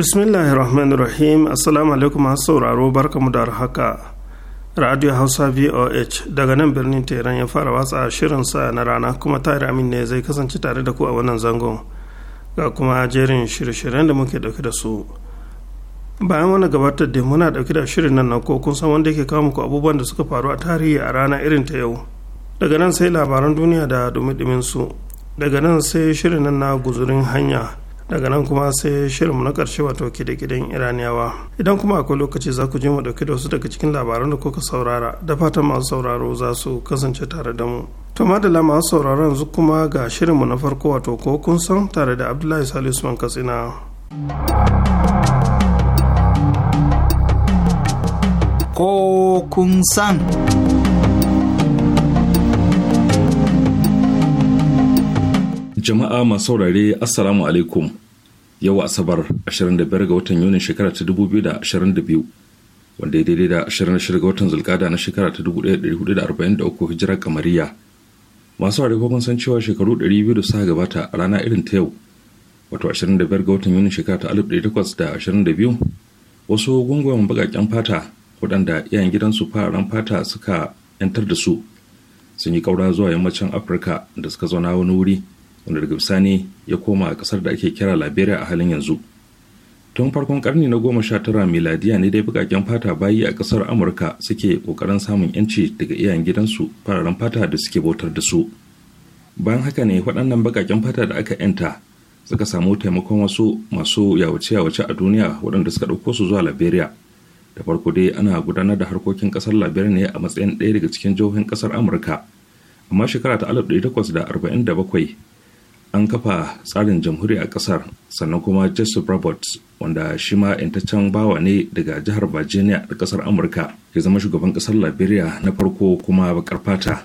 bismillahir rahmanir rahim assalamu alaikum masu sauraro barkamu da haka radio hausa voh daga nan birnin teran ya fara watsa shirin sa na rana kuma tare amin ne zai kasance tare da ku a wannan zangon ga kuma jerin shirye-shiryen da muke dauke da su bayan wani gabatar da muna dauke da shirin nan na ko kun san wanda yake kawo muku abubuwan da suka faru a tarihi a rana irin ta yau daga nan sai labaran duniya da dumi su daga nan sai shirin nan na guzurin hanya daga nan kuma sai shirinmu na ƙarshe wato kide iraniyawa idan kuma akwai lokaci za ku je mu ɗauki da wasu daga cikin labaran da kuka saurara da fatan masu sauraro za su kasance tare da mu to madalla masu sauraro yanzu kuma ga mu na farko wato ko kun san tare da abdullahi salisu man katsina ko kun san Jama'a masu saurare Assalamu alaikum. Yau Asabar 25 ga watan Yunin shekara ta 2022 wanda ya daidai da 26 ga watan Zulkada na shekara ta 1443 hijira kamariya. Masu saurare kun san cewa shekaru 200 da gabata a rana irin ta yau wato 25 ga watan Yunin shekara ta 1822 wasu gungun bakaken fata waɗanda iyayen gidansu fararen fata suka 'yantar da su sun yi ƙaura zuwa yammacin afirka da suka zauna wani wuri wanda daga bisani ya koma a kasar da ake kira liberia a halin yanzu tun farkon karni na goma sha tara miladiya ne dai bukaken fata bayi a kasar amurka suke kokarin samun yanci daga iyayen gidansu fararen fata da suke bautar da su bayan haka ne waɗannan bakaken fata da aka yanta suka samu taimakon wasu masu yawace yawace a duniya waɗanda suka ɗauko su zuwa liberia da farko dai ana gudanar da harkokin kasar liberia ne a matsayin ɗaya daga cikin jihohin kasar amurka amma shekara ta 1847 an kafa tsarin jamhuriya a kasar sannan kuma jesse roberts wanda shi ma intaccen bawa ne daga jihar virginia da kasar amurka ya zama shugaban kasar liberia na farko kuma bakar fata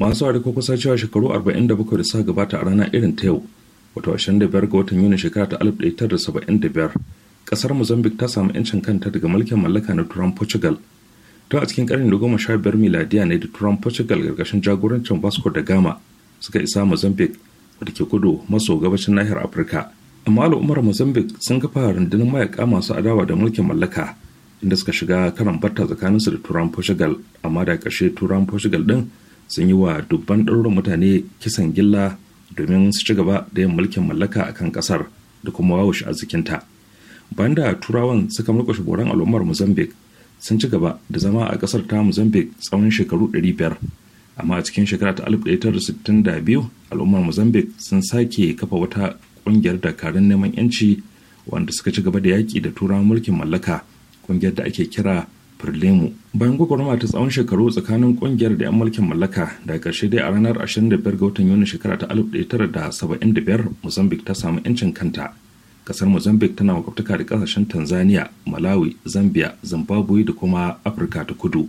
masu ko kusa cewa shekaru 47 da suka gabata a rana irin ta yau wato 25 ga watan yuni shekara ta 1975 kasar mozambique ta samu 'yancin kanta daga mulkin mallaka na turan portugal tun a cikin karni na goma sha biyar miladiya ne da turan portugal gargashin jagorancin vasco da gama suka isa mozambique wadda ke kudu maso gabashin nahiyar afirka amma al'ummar mozambique sun kafa rundunar mayaka masu adawa da mulkin mallaka inda suka shiga karan batta tsakaninsu da turan portugal amma da karshe turan portugal din sun yi wa dubban ɗaurin mutane kisan gilla domin su ci gaba da yin mulkin mallaka a kan ƙasar da kuma wawashi arzikinta bayan da turawan suka mulkushe boran al'ummar mozambique sun ci gaba da zama a kasar ta mozambique tsawon shekaru 500 amma a cikin shekara ta 1962 al'ummar mozambique sun sake kafa wata kungiyar dakarun neman yanci wanda suka ci gaba da yaƙi da turan mulkin mallaka kungiyar da ake kira Frelimo. Bayan gwagwarmaya ta tsawon shekaru tsakanin kungiyar da 'yan mulkin mallaka da ƙarshe dai a ranar 25 ga watan Yuni shekara ta 1975 Mozambique ta samu 'yancin kanta. kasar mozambique tana makwabtaka da kasashen tanzania malawi zambia zimbabwe da kuma afirka ta kudu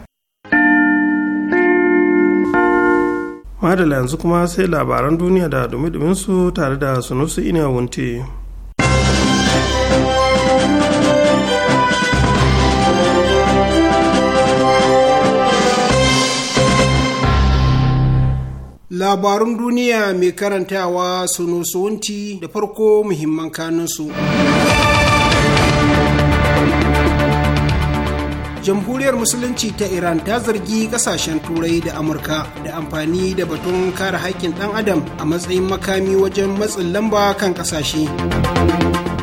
madala yanzu kuma sai labaran duniya da dumi duminsu tare da sunusu ina wunti labarun duniya mai karantawa sunusu wunti da farko muhimman kanunsu jamhuriyar musulunci ta iran ta zargi kasashen turai da amurka da amfani da batun kare haƙƙin ɗan adam a matsayin makami wajen matsin lamba kan ƙasashe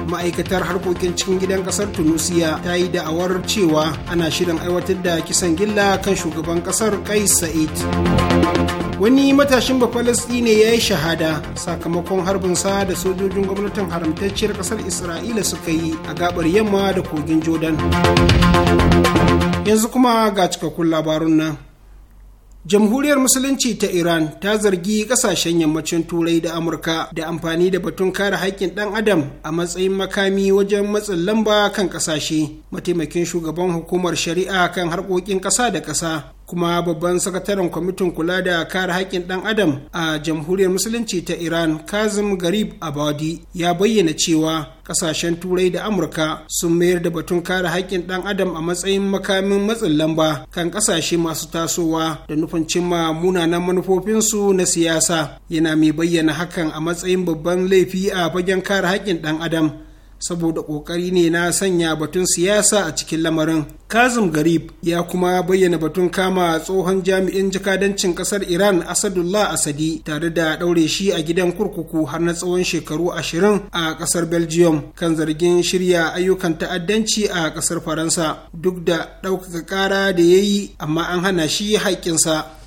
ma'aikatar harkokin cikin gidan kasar tunisia ta yi da'awar cewa ana shirin aiwatar da kisan gilla kan shugaban kasar kais sa'id wani matashin ne ya yi shahada sakamakon harbinsa da sojojin gwamnatin haramtacciyar kasar isra'ila suka yi a gabar yamma da kogin jordan yanzu kuma ga cikakkun labarun nan jamhuriyar musulunci ta iran ta zargi kasashen yammacin turai da amurka da amfani da batun kare haƙƙin ɗan adam a matsayin makami wajen matsin lamba kan ƙasashe mataimakin shugaban hukumar shari'a kan harkokin ƙasa da ƙasa kuma babban sakataren kwamitin kula da kare haƙƙin ɗan adam a jamhuriyar musulunci ta iran kazim garib abadi ya bayyana cewa ƙasashen turai da amurka sun mayar da batun kare haƙƙin ɗan adam a matsayin makamin matsin lamba kan ƙasashe masu tasowa da nufin cimma munanan manufofinsu na siyasa yana mai bayyana hakan a matsayin babban laifi a fagen kare haƙƙin ɗan adam saboda ƙoƙari ne na sanya batun siyasa a cikin lamarin. Kazim Garib ya kuma bayyana batun kama tsohon jami'in jakadancin ƙasar Iran Asadullah Asadi tare da ɗaure shi a gidan kurkuku har na tsawon shekaru ashirin a ƙasar Belgium kan zargin shirya ayyukan ta'addanci a ƙasar Faransa duk da ɗaukaka ƙara da ya yi amma an hana shi haƙƙinsa.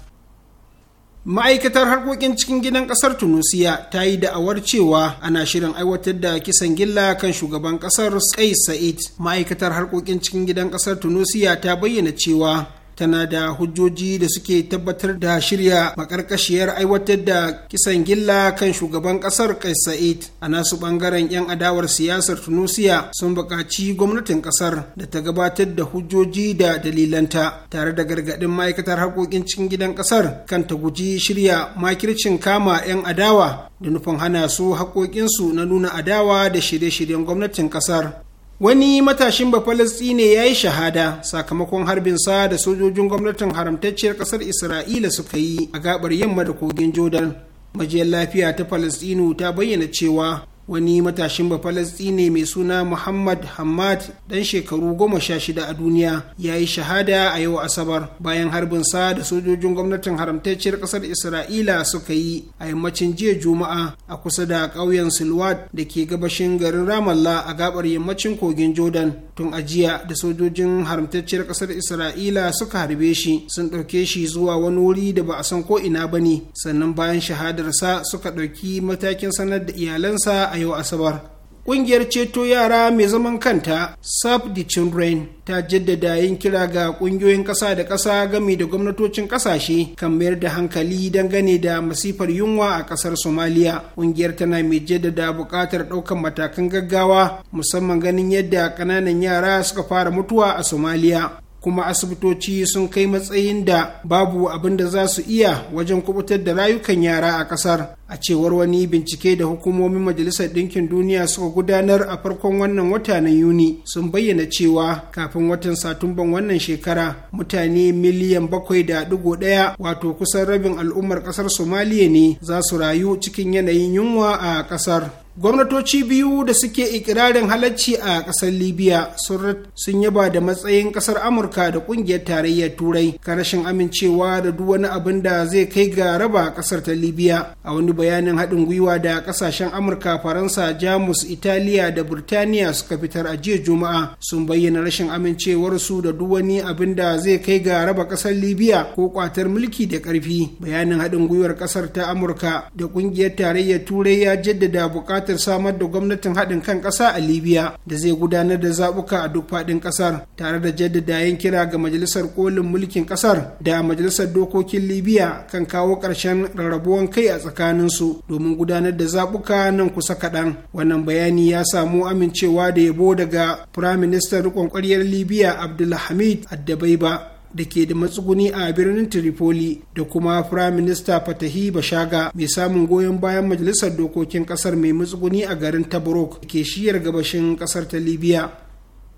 Ma'aikatar harkokin cikin gidan kasar Tunusiya ta yi da'awar cewa ana shirin aiwatar da kisan gilla kan shugaban kasar Kais Sa'id. Ma'aikatar harkokin cikin gidan kasar Tunusiya ta bayyana cewa tana da hujjoji da suke tabbatar da shirya makarkashiyar aiwatar da kisan gilla kan shugaban kasar kai Sa'id a nasu bangaren 'yan adawar siyasar Tunusiya sun buƙaci gwamnatin kasar da ta gabatar da hujjoji da dalilanta tare da gargaɗin ma'aikatar harkokin cikin gidan kasar kan ta guji shirya makircin kama 'yan adawa da nufin hana su haƙoƙinsu na nuna adawa da shirye-shiryen gwamnatin kasar wani matashin bafalastine ya yi shahada sakamakon harbin sa, da sojojin gwamnatin haramtacciyar kasar isra'ila suka yi a gabar yamma da kogin jordan majiyar lafiya ta falastinu ta bayyana cewa wani matashin bafalastine mai suna muhammad hamad dan shekaru goma sha shida a duniya ya yi shahada a yau asabar bayan harbin sa da sojojin gwamnatin haramtacciyar kasar isra'ila suka yi a yammacin jiya juma'a a kusa da ƙauyen silwat da ke gabashin garin ramallah a gabar yammacin kogin jordan tun ajiya, da sojojin haramtacciyar kasar isra'ila suka harbe shi sun ɗauke shi zuwa wani wuri da ba a san ko ina ba ne sannan bayan shahadarsa suka ɗauki matakin sanar da iyalansa a yau asabar Ƙungiyar ceto yara mai zaman kanta Save the Children ta jaddada yin kira ga ƙungiyoyin ƙasa da ƙasa gami da gwamnatocin ƙasashe kan mayar da hankali gane da masifar yunwa a ƙasar Somaliya. Ƙungiyar tana mai jaddada buƙatar ɗaukar matakan gaggawa musamman ganin yadda ƙananan yara suka fara mutuwa a Somaliya. kuma asibitoci sun kai matsayin da babu abin da za su iya wajen kubutar da rayukan yara a ƙasar a cewar wani bincike da hukumomin majalisar ɗinkin duniya suka gudanar a farkon wannan wata na yuni sun bayyana cewa kafin watan satumban wannan shekara mutane miliyan bakwai da digo ɗaya wato kusan rabin al'ummar ƙasar somaliya ne za su rayu cikin yanayin yunwa a ƙasar gwamnatoci biyu da suke ikirarin halacci a ƙasar libya sun yaba da matsayin ƙasar amurka da ƙungiyar tarayyar turai ka rashin amincewa da duk wani abin da zai kai ga raba ƙasar ta libya a wani bayanin haɗin gwiwa da ƙasashen amurka faransa jamus italiya da burtaniya suka fitar a jiya juma'a sun bayyana rashin amincewarsu da duk wani abin da zai kai ga raba ƙasar libya ko ƙwatar mulki da ƙarfi bayanin haɗin gwiwar ƙasar ta amurka da ƙungiyar tarayyar turai ya jaddada buƙatar samar da gwamnatin haɗin kan ƙasa a libya da zai gudanar da zaɓuka a duk faɗin ƙasar tare da jaddada yin kira ga majalisar kolin mulkin ƙasar da majalisar dokokin libya kan kawo ƙarshen rarrabuwan kai a tsakanin su domin gudanar da zaɓuka nan kusa kaɗan wannan bayani ya samu amincewa da yabo daga firaministan riƙon ƙwaryar libya abdulhamid addabaiba da ke da matsuguni a birnin Tripoli da kuma Prime Minister Fatahi Bashaga mai samun goyon bayan Majalisar Dokokin Kasar mai matsuguni a garin Tabarok ke shiyar gabashin kasar ta Libya.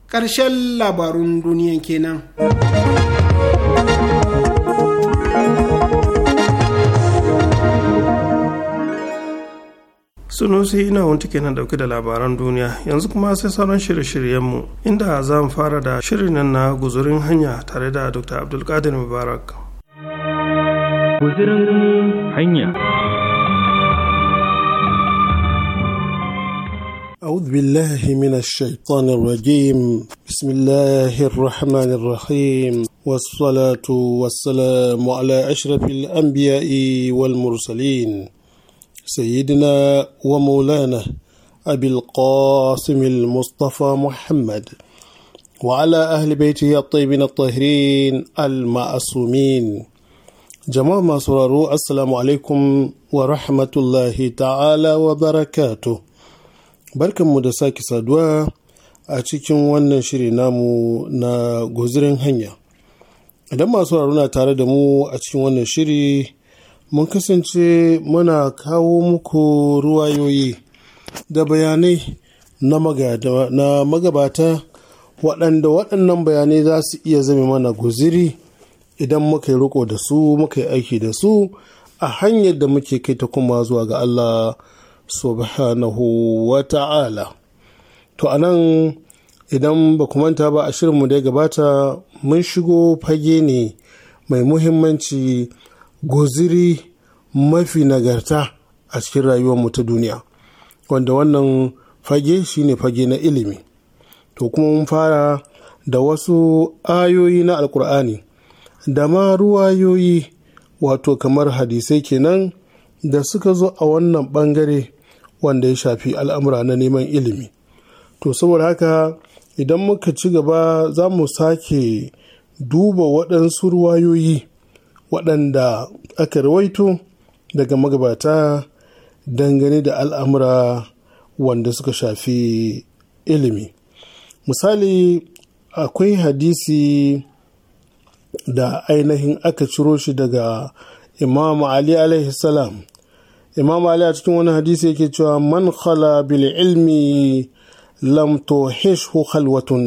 karshen labarun duniyan kenan. sunusi ina wunti kenan dauke da labaran duniya yanzu kuma sai sauran shirye-shiryenmu inda za mu fara da shirin nan na guzurin hanya tare da dr abdulkadir mubarak guzurin hanya أعوذ بالله من الشيطان الرجيم بسم الله الرحمن الرحيم والصلاة والسلام على أشرف الأنبياء والمرسلين سيدنا ومولانا أبي القاسم المصطفى محمد وعلى أهل بيته الطيبين الطاهرين المعصومين جماعة ما سرروا السلام عليكم ورحمة الله تعالى وبركاته بركة مدساك سادوا أتكين وانا شرينامو نا guzirin hanya idan masu na tare da mu a cikin wannan shiri mun kasance muna kawo muku ruwayoyi da bayanai na magabata waɗanda waɗannan bayanai za su iya zame mana guziri idan muka yi riko da su muka yi aiki da su a hanyar da muke kai ta kuma zuwa ga Allah subhanahu wa ta'ala to a nan idan ba ku manta ba a shirinmu da ya gabata mun shigo fage ne mai muhimmanci guziri mafi nagarta a cikin rayuwarmu ta duniya wanda wannan fage shine fage na ilimi to kuma mun fara da wasu ayoyi na alkur'ani da ma ruwayoyi wato kamar hadisai kenan da suka zo a wannan bangare wanda ya shafi al'amura na neman ilimi to saboda haka idan muka ci gaba za mu sake duba waɗansu ruwayoyi waɗanda aka rawaito daga magabata dangane da al'amura wanda suka shafi ilimi misali akwai hadisi da ainihin aka ciro shi daga imam ali alaihi salam imam ali a cikin wani hadisi yake cewa man khala bil ilmi lam tuhishhu khalwatun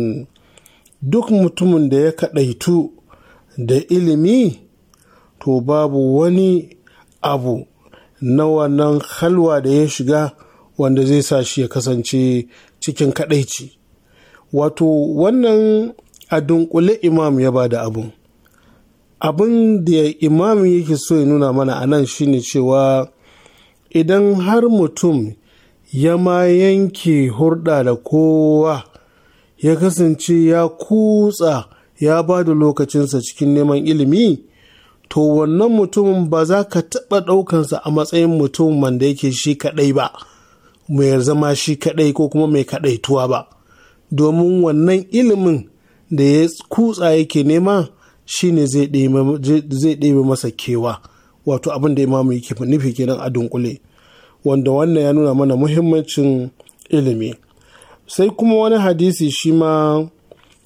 duk mutumin da ya kaɗaitu da ilimi to babu wani abu na wannan halwa da ya shiga wanda zai sa shi ya kasance cikin kadaici wato wannan a dunkule imam ya ba da abun abin da imam yake so ya nuna mana a nan shine cewa idan har mutum ya ma yanke hurɗa da kowa ya kasance ya kutsa ya ba da lokacinsa cikin neman ilimi to wannan mutumin ba za ka taɓa ɗaukansa a matsayin mutum wanda yake shi kaɗai ba mai zama shi kaɗai ko kuma mai kaɗaituwa ba domin wannan ilimin da ya kutsa yake nema ne zai ɗebe masa kewa wato abin da imamu yake nufi kenan a dunkule wanda wannan ya nuna mana muhimmancin ilimi sai kuma wani hadisi shi ma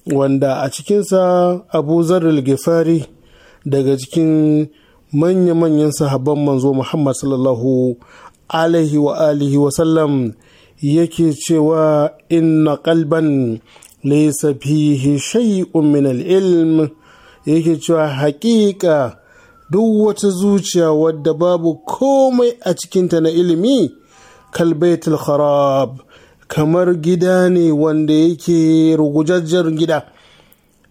wanda a cikinsa abu zarar gifari daga cikin manya-manyan sahabban manzo Muhammad sallallahu alaihi wa alihi wa sallam yake cewa inna ƙalban laysa fihi shay'un min al-ilm yake cewa haƙiƙa duk wata zuciya wadda babu komai a cikinta na ilimi kalbaitul kharab kamar gida ne wanda yake rugujajjar gida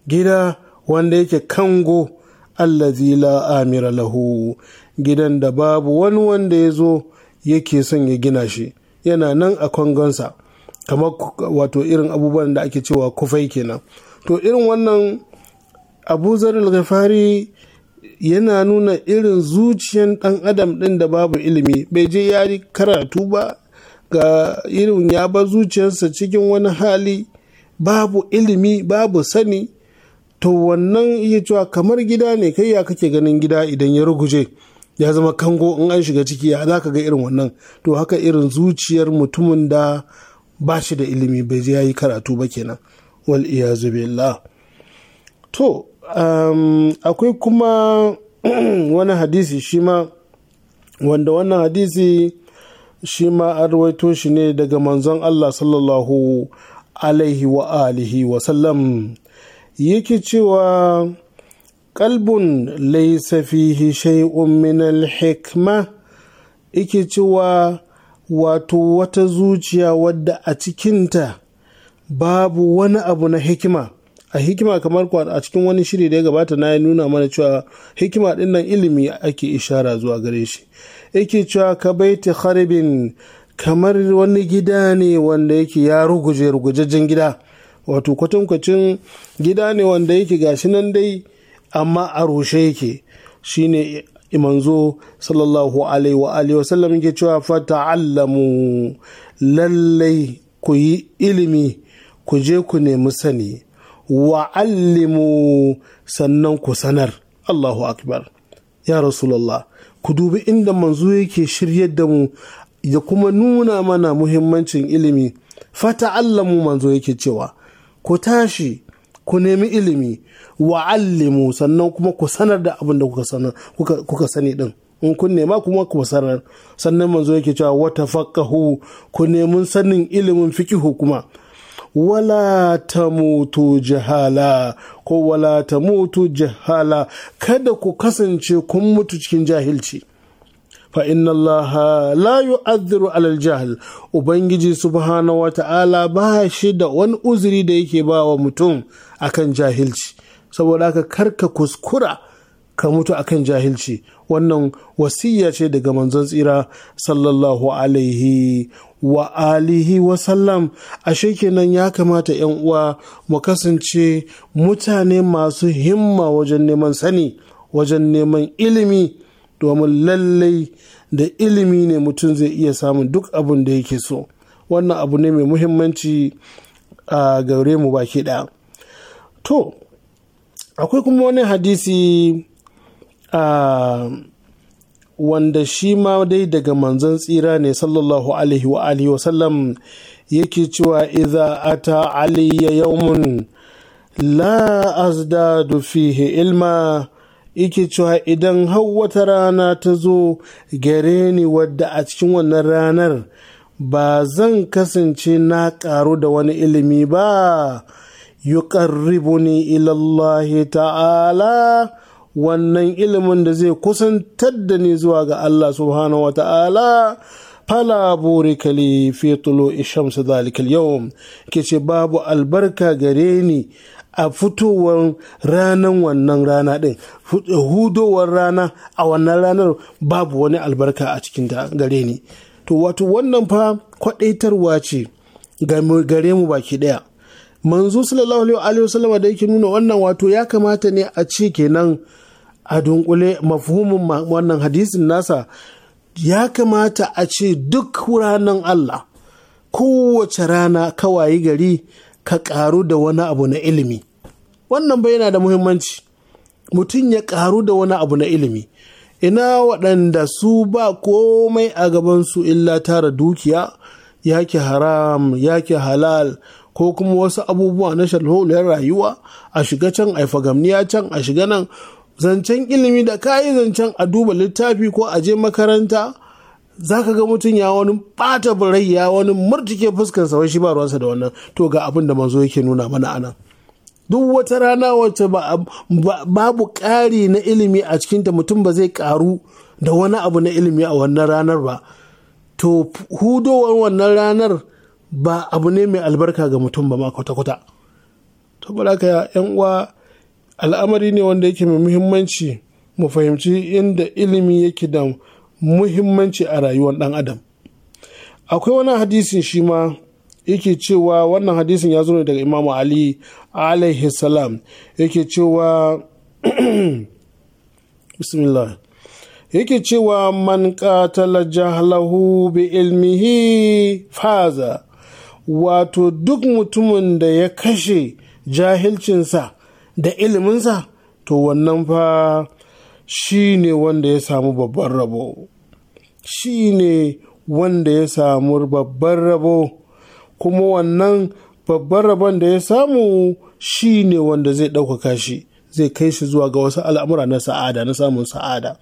gida wanda yake kango allazi la amira lahu gidan da babu wani wanda ya zo yake son ya gina shi yana nan a kwangonsa kamar wato irin abubuwan da ake cewa kufai kenan to irin wannan abu zarar yana nuna irin zuciyan dan adam ɗin da babu ilimi bai je ya karatu ba ga irin ya bar zuciyarsa cikin wani hali babu ilimi babu sani to wannan iya cewa kamar gida ne kai ya kake ganin gida idan ya ruguje ya zama kango in an shiga ciki ya za ka ga irin wannan to haka irin zuciyar mutumin da ba shi da ilimi bai je ya yi karatu ba kenan wal iya to akwai kuma wani hadisi shi ma wanda wannan hadisi shi ma an shi ne daga manzon Allah sallallahu alaihi wa alihi wa yake cewa kalbun laisa fihi shay'un min al-hikma yake cewa wato wata zuciya wadda a cikinta babu wani abu na hikima a hikima kamar a cikin wani shiri da ya gabata na ya nuna mana cewa hikima dinnan ilimi ake ishara zuwa gare shi yake cewa ka baiti haribin kamar wani gida ne wanda yake ya ruguje rugujejen gida wato kwatankwacin gida ne wanda yake gashi nan dai amma a rushe yake shine imanzo sallallahu alaihi wa wa sallam yake cewa fata'allamu lallai ku yi ilimi ku je ku nemi sani wa allimu sannan ku sanar Allahu akbar ya rasulallah ku dubi inda manzo yake shiryar da mu ya kuma nuna mana muhimmancin ilimi fata fata'allamu manzo yake cewa ku tashi ku nemi ilimi wa allimu sannan kuma ku sanar da abin da kuka sani din in kun nema kuma ku sanar sannan manzo yake cewa wata faqahu ku nemi sanin ilimin fiqihu kuma wala ta mutu jahala ko wala ta mutu jahala kada ku kasance kun mutu cikin jahilci fa inna Allah la yu'adhdhiru alal jahl ubangiji subhanahu ta'ala ba shi da wani uzuri da yake ba wa mutum akan jahilci saboda haka karka kuskura ka mutu akan jahilci wannan wasiya ce daga manzon tsira sallallahu alaihi wa alihi wa sallam ashe kenan ya kamata yan uwa mu kasance mutane masu himma wajen neman sani wajen neman ilimi domin lallai da ilimi ne mutum zai iya samun duk abin da yake so wannan abu ne mai muhimmanci a gaure mu baki ɗaya to akwai kuma wani hadisi a wanda shi ma dai daga manzon tsira ne sallallahu alaihi wa alihi wa sallam yake cewa idza ata aliyya yawmun la azdadu fihi ilma yake cewa idan hau wata rana ta zo gare ni wadda a cikin wannan ranar ba zan kasance na ƙaru da wani ilimi ba ni, ilallahi ta'ala wannan ilimin da zai kusantar da ni zuwa ga Allah subhanahu wa ta'ala fala Burikali, li fi tulu'i shams dhalika al babu albarka gare ni a fitowar ranar wannan rana ɗin hudowar rana a wannan ranar babu wani albarka a cikin gare ni to wato wannan fa kwaɗaitarwa ce gare mu baki ɗaya manzo sallallahu alaihi wasallama da yake nuna wannan wato ya kamata ne a ce kenan a dunkule mafhumin wannan hadisin nasa ya kamata a ce duk ranar Allah kowace rana kawai gari ka ƙaru da wani abu na ilimi wannan bai yana da muhimmanci mutum ya ƙaru da wani abu na ilimi ina waɗanda su ba komai a gabansu illa tara dukiya yake haram yake halal ko kuma wasu abubuwa na shalholiyar rayuwa a shiga can a fagamniya can a shiga nan zancen ilimi da kayi zancen a duba littafi ko a je makaranta za ka ga mutum ya wani bata birai ya wani murtuke fuskarsa wai shi ba ruwansa da wannan to ga abin da manzo yake nuna mana anan duk wata rana wacce babu ƙari na ilimi a cikinta mutum ba zai ƙaru da wani abu na ilimi a wannan ranar ba to hudowar wannan ranar ba abu ne mai albarka ga mutum ba ma kwata-kwata to ka yan uwa al'amari ne wanda yake mai muhimmanci mu fahimci inda ilimi yake da muhimmanci a rayuwar ɗan adam akwai wani hadisin shi ma yake cewa wannan hadisin ya zo ne daga imamu ali alaihi salam yake cewa bismillah yake cewa man katala jahlahu bi ilmihi faza wato duk mutumin da ya kashe jahilcinsa da iliminsa to wannan fa shi ne wanda ya samu babban rabo shi ne wanda ya samu babban rabo kuma wannan babban rabon da ya samu shi ne wanda zai ɗaukaka shi zai kai shi zuwa ga wasu al'amura na sa'ada na samun sa'ada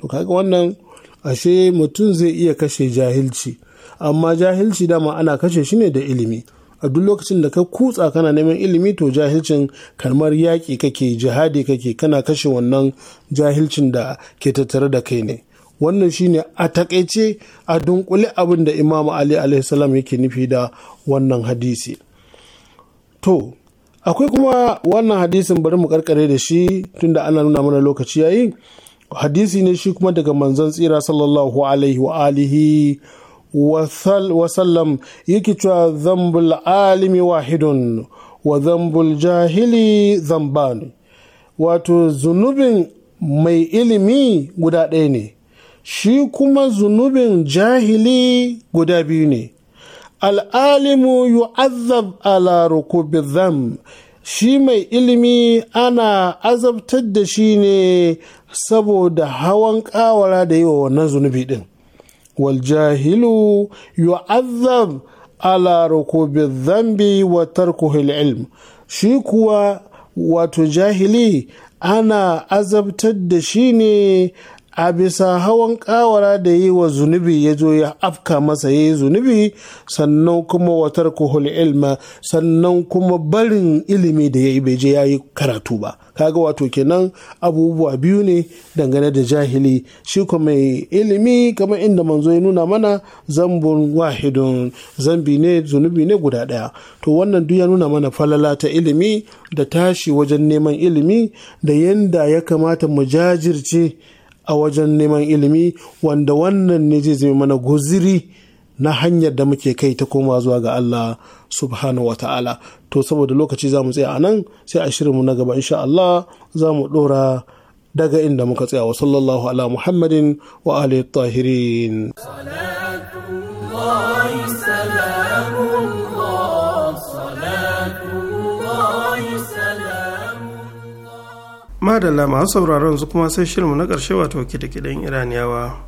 to kaga wannan ashe mutum zai iya kashe jahilci amma jahilci dama ana kashe shi ne da ilimi a duk lokacin da ka kutsa kana neman ilimi to jahilcin kalmar yaƙi kake jihadi kake kana kashe wannan jahilcin da ke tattare da kai ne wannan shine a takaice a dunkule abin da imamu ali yake nufi da wannan hadisi to akwai kuma wannan hadisin bari mu karkare da shi tunda ana nuna mana lokaci yayi hadisi ne shi kuma daga manzon tsira sallallahu alaihi wa alihi wasallam yake cewa zambul alimi wahidun wa zambul jahili zamban wato zunubin mai ilimi guda ɗaya ne shi kuma zunubin jahili guda biyu ne al'alimu yu'azzab ala rukubi zam shi mai ilimi ana azabtar da shi ne saboda hawan ƙawara da yi wa wannan zunubi ɗin والجاهل يعذب على ركوب الذنب وتركه العلم shi kuwa wato jahili ana azabtar da shi ne a bisa hawan kawara da yi wa zunubi ya zo ya afka masa ya yi zunubi sannan kuma watar kuhul ilma sannan kuma barin ilimi da ya yi bai je ya yi karatu ba kaga wato kenan abubuwa biyu ne dangane da jahili shi kuma mai ilimi kamar inda manzo ya nuna mana zambun wahidun zambi ne zunubi ne guda daya to wannan duk ya nuna mana falala ta ilimi da tashi wajen neman ilimi da yanda ya kamata mu jajirce a wajen neman ilimi wanda wannan ne zai zama mana guziri na hanyar da muke kai ta koma zuwa ga Allah subhanahu wata'ala to saboda lokaci za mu tsaya a nan sai a shirinmu na gaba insha Allah za mu ɗora daga inda muka tsaya wa sallallahu ala muhammadin wa alihi tahirin madalla masu sauraron su kuma sai shirinmu na ƙarshe wato kidikidan iraniyawa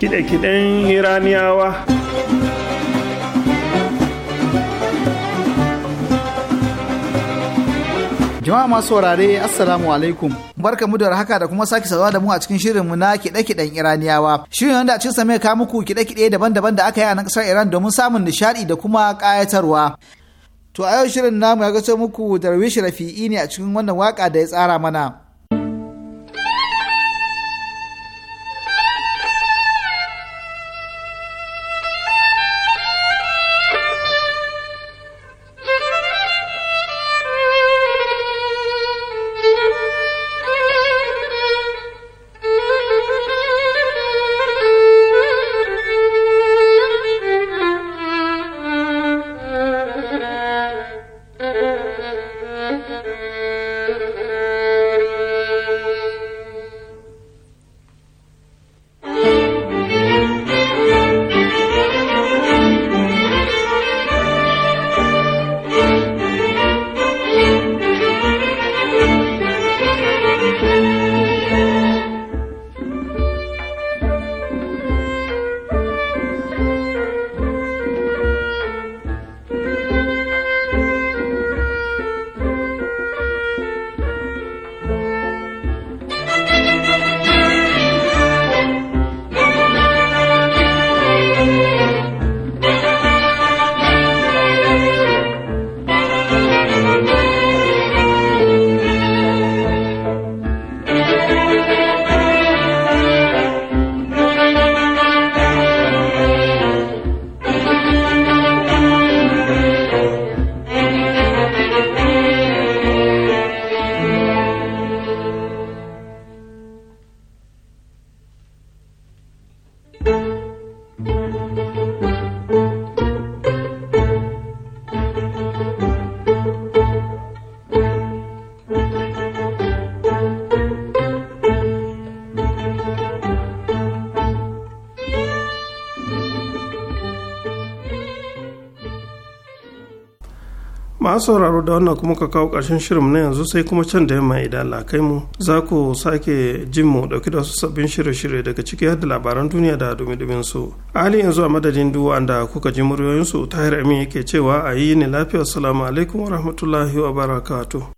kidikidan iraniyawa Jama'a masu saurare Assalamu alaikum. Barka mu da haka da kuma sake sazawa da mu a cikin shirin mu na kiɗe-kiɗen Iraniyawa. Shirin wanda a cikin samai ka muku kiɗe-kiɗe daban-daban da aka yi a nan ƙasar Iran domin samun nishaɗi da kuma ƙayatarwa. To a yau shirin namu ya gaso muku Darwish Rafi'i ne a cikin wannan waka da ya tsara mana. masu sauraro da wannan kuma ka kawo ƙarshen shirin na yanzu sai kuma can da yamma idan lakai mu za ku sake jin mu ɗauki da wasu sabbin shirye-shirye daga ciki har da labaran duniya da dumi-dumin su hali yanzu a madadin duwa da kuka ji muryoyin su tahir amin yake cewa a yi ni lafiya salamu alaikum wa rahmatullahi wa barakatuh